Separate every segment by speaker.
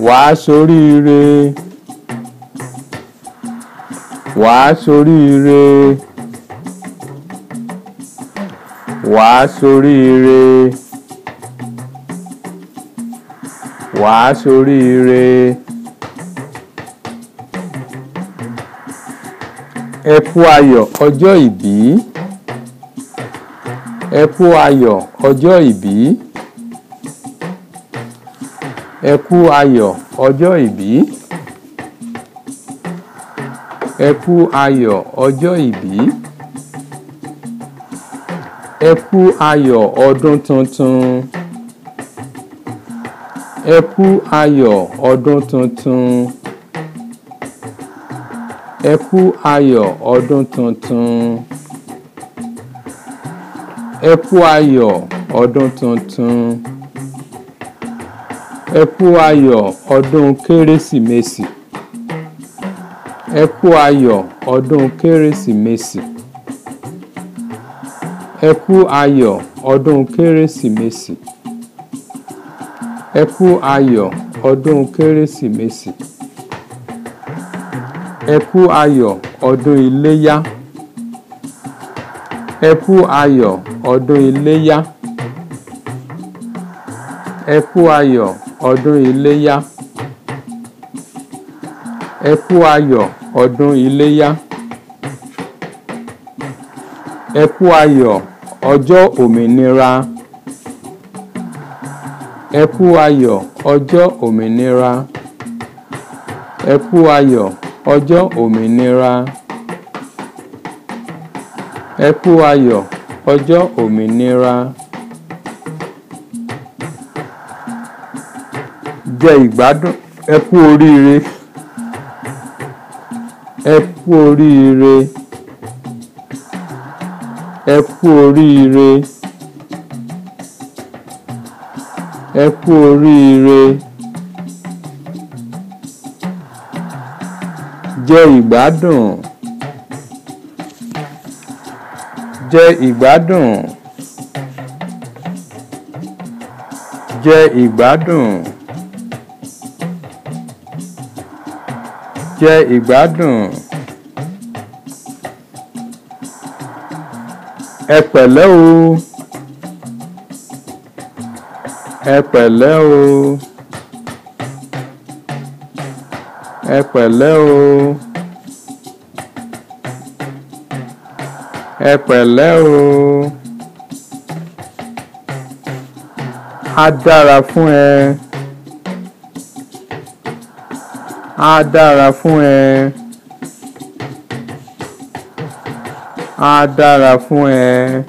Speaker 1: wàá ṣoríire wàá ṣoríire wàá ṣoríire wàá ṣoríire ẹ kú ayọ̀ ọjọ́ ìbí ẹ kú ayọ̀ ọjọ́ ìbí ẹ ayọ ayọ̀ ọjọ́ ìbí ẹ kú ayọ̀ ọjọ́ ìbí ẹ kú ayọ̀ ọdún tuntun ẹ kú ayọ̀ ọdún tuntun ẹ ayọ ayọ̀ ọdún tuntun ẹ kú ọdún tuntun ẹ kú ayọ̀ ọdún kérésìmesì ẹ kú ayọ̀ ọdún kérésìmesì ẹ kú ayọ̀ ọdún kérésìmesì ẹ kú ayọ̀ ọdún kérésìmesì ẹ kú ayọ̀ ọdún iléyá ẹ kú ayọ̀ ọdún iléyá ẹ ayọ̀ ọdún iléyá ẹ kú ayọ̀ ọdún iléyá ẹ kú ayọ̀ ọjọ́ òmìnira ẹ kú ayọ̀ ọjọ́ òmìnira ẹ kú ayọ̀ ọjọ́ òmìnira ẹ kú ayọ̀ ọjọ́ òmìnira. jẹ ìgbádùn ẹ kú oríire ẹ kú oríire ẹ kú oríire ẹ kú oríire jẹ ìgbádùn jẹ ìgbádùn jẹ ìgbádùn. jẹ ìgbádùn. ẹ pẹ̀lẹ́ o ẹ pẹ̀lẹ́ o ẹ pẹ̀lẹ́ o ẹ pẹ̀lẹ́ o á dára fún ẹ. á dára fún ẹ á dára fún ẹ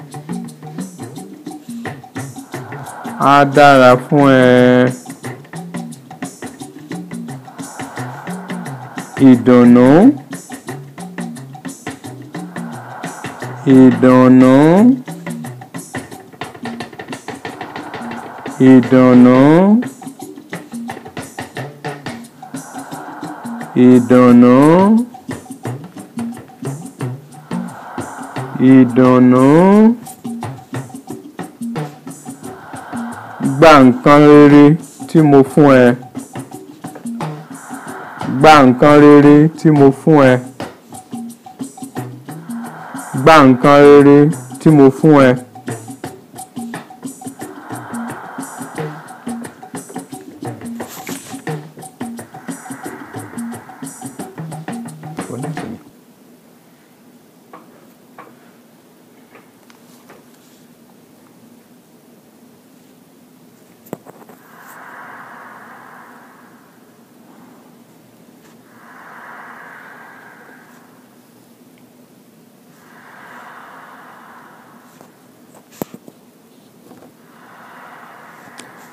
Speaker 1: á dára fún ẹ ìdùnnú ìdùnnú ìdùnnú. ìdùnnú ìdùnnú gba nǹkan rere tí mo fún ẹ gba nǹkan rere tí mo fún ẹ gba nǹkan rere tí mo fún ẹ.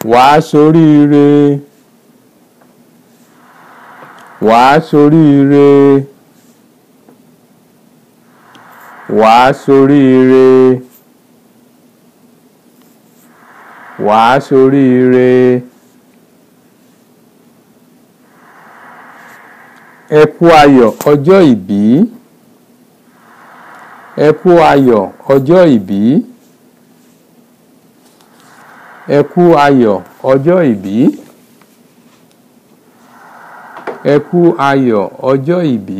Speaker 1: wàá soríire wàá soríire wàá soríire wàá soríire ẹ kú ayọ̀ ọjọ́ ìbí ẹ kú ayọ̀ ìbí ẹ kú ayọ̀ ọjọ́ ìbí ẹ kú ayọ̀ ọjọ́ ìbí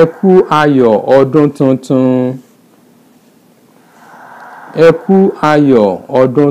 Speaker 1: ẹ kú ayọ̀ ọdún tuntun ẹ kú ayọ̀ ọdún.